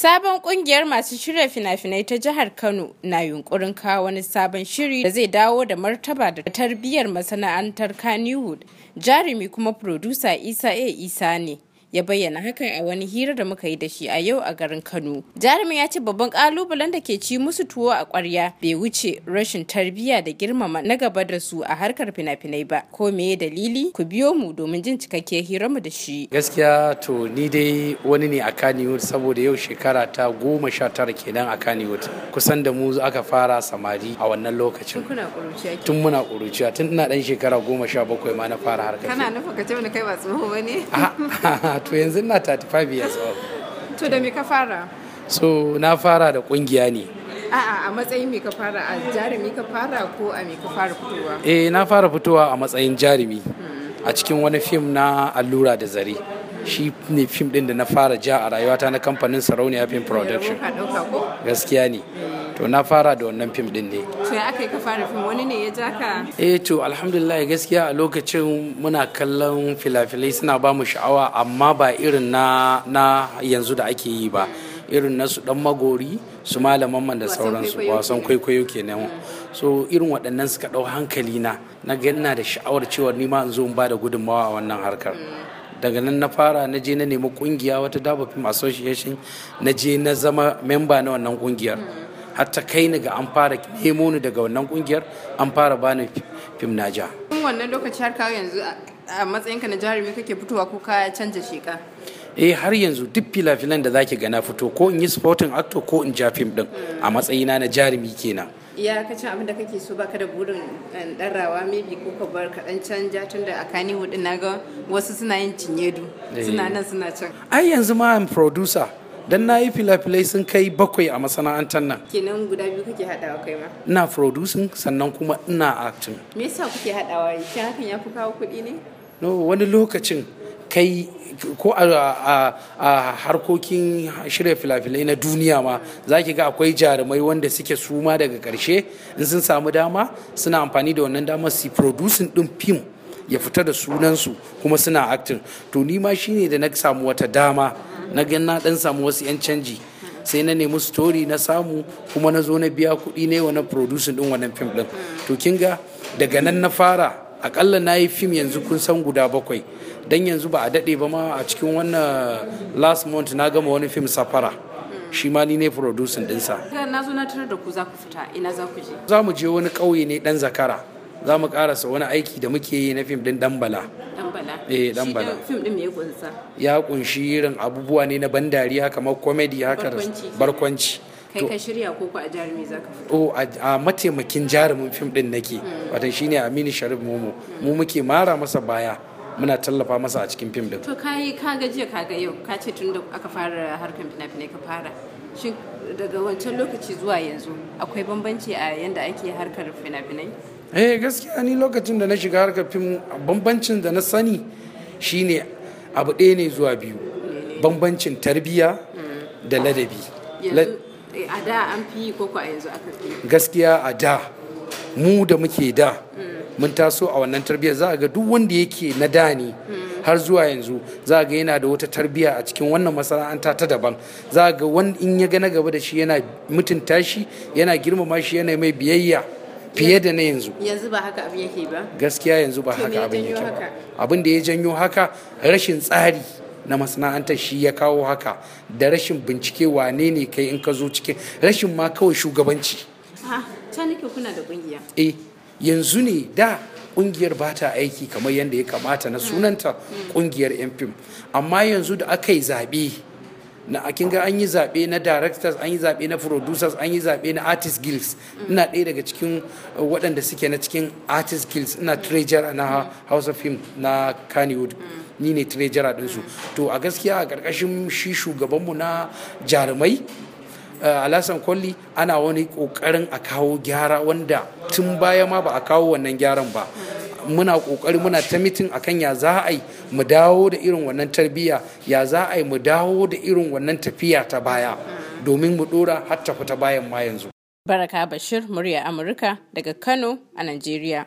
Sabon kungiyar masu shirya fina-finai ta jihar Kano na yunkurin kawo wani sabon shiri da zai dawo da martaba da tarbiyyar masana'antar Kannywood, jarumi kuma produsa Isa A. Isa ne. ya bayyana hakan a wani hira da muka yi da shi a yau a garin Kano. Jarumin ya ce babban kalubalen da ke ci musu tuwo a ƙwarya bai wuce rashin tarbiyya da girmama na gaba da su a harkar fina-finai ba. Ko meye dalili? Ku biyo mu domin jin cikakkiyar mu da shi. Gaskiya to ni dai wani ne a Kanewood saboda yau shekara ta goma sha tara kenan a Kanewood. Kusan da mu aka fara samari a wannan lokacin. Tun muna ƙuruciya. Tun ina ɗan shekara goma sha bakwai ma na fara harkar. Kana nufa ka ce kai ba tsoho ba ne? Ah, ah, ah, to yanzu na 35 years old to da me ka fara so na fara da kungiya ne a'a a matsayin me ka fara a jarumi ka fara ko a me ka fara fitowa eh na fara fitowa a matsayin jarumi a cikin wani fim na allura da zare shi ne fim din da na fara ja a rayuwata na kamfanin sarauniya film production gaskiya ne to na fara da wannan fim din ne to ya aka yi ka fara fim wani ne ya ja ka eh to alhamdulillah gaskiya a lokacin muna kallon filafilai suna ba mu sha'awa amma ba irin na na yanzu da ake yi ba irin na su dan magori su malaman man da sauransu wasan kwaikwayo kenan so irin waɗannan suka ɗau hankali na na ganna da sha'awar cewa ni ma in zo in ba da gudunmawa a wannan harkar daga nan na fara na je na nemi kungiya wata daba film association na je na zama memba na wannan kungiyar Hatta kai ni ga an fara nemo ni daga wannan kungiyar an fara bani fim na ja wannan lokaci har kawo yanzu a matsayinka na jarumi kake fitowa ko ka canja sheka eh har yanzu duk filafilan da zaki gana fito ko in yi sporting actor ko in ja fim din a hmm. matsayina na jarumi kenan ya ka abin da kake so baka da burin dan eh, rawa maybe ko ka bar kaɗan canja tun da a hudu na ga wasu suna yin cinyedu suna eh. nan suna can ai yanzu ma producer dan na yi filafilai sun kai bakwai a masana'antar nan kenan guda biyu kuke haɗawa kai ma ina producing sannan kuma ina acting me yasa kuke haɗawa shin hakan ya fi kawo kuɗi ne no wani lokacin kai ko a, harkokin shirya filafilai na duniya ma za ki ga akwai jarumai wanda suke suma daga karshe in sun samu dama suna amfani da wannan damar su producing din fim ya fita da sunansu kuma suna aktin to ni ma shine da na samu wata dama na gan na dan samu wasu 'yan canji sai na nemi story na samu kuma na zo na biya kuɗi ne wa na producing din wannan film din to kin ga daga nan na fara akalla na yi film yanzu kun san guda bakwai dan yanzu ba a daɗe ba ma a cikin wannan last month na gama wani film safara shi ma ni ne producing dinsa na zo na tare da ku za ku fita ina za ku je za mu je wani ƙauye ne dan zakara za mu karasa wani aiki da muke yi na fim din dambala dambala eh, ya kunshi irin abubuwa ne na bandariya kamar comedy haka barkwanci kai ka shirya ko ku a jarumi za ka fito oh, a mataimakin jarumin fim din nake hmm. wato shine aminu sharif momo hmm. mu muke mara masa baya muna tallafa masa a cikin fim din to kai ka gaje ka ga yau ka ce tun da aka fara harkar fina-finai ka fara shin daga wancan lokaci zuwa yanzu akwai bambanci a yadda ake harkar fina-finai eh gaskiya ni lokacin da na shiga harkar fim bambancin da na sani shine abu ɗaya ne zuwa biyu bambancin tarbiya da ladabi eh, a da an fi koko a yanzu aka gaskiya a da mu da muke da mm. mun taso a wannan tarbiyyar za a ga duk wanda yake na da ne har zuwa yanzu za a ga yana da wata tarbiyya a cikin wannan masana'anta ta daban za a ga wani in ya gana gaba da shi yana mutunta shi yana girmama shi yana mai biyayya fiye da na yanzu yanzu ba haka abin yake ba gaskiya yanzu ba haka abin yake ba abin da ya janyo haka rashin tsari na masana'anta shi ya kawo haka da rashin bincike wane ne kai in ka zo cikin rashin ma kawai shugabanci ha ah, nake kuna da kungiya eh yanzu ne da kungiyar ba ta aiki kamar yadda ya kamata na sunanta kungiyar yan fim amma yanzu da aka yi zaɓe na akin ga an yi zaɓe na directors an yi zaɓe na producers an yi zaɓe na artist guilds ina ɗaya daga cikin uh, waɗanda suke na cikin artist guilds ina treasurer na house of film na kannywood ni ne treasurer ɗinsu to a gaskiya a ƙarƙashin shi shugabanmu na jarumai Eh, alasan kwalli ana wani kokarin a kawo gyara wanda tun baya ma ba a kawo wannan gyaran ba muna kokari muna ta mitin akan ya za a yi mu dawo da irin wannan tarbiyya ya za a yi mu dawo da irin wannan tafiya ta baya domin mu dora har ta fita bayan ma yanzu baraka bashir murya amurka daga kano a najeriya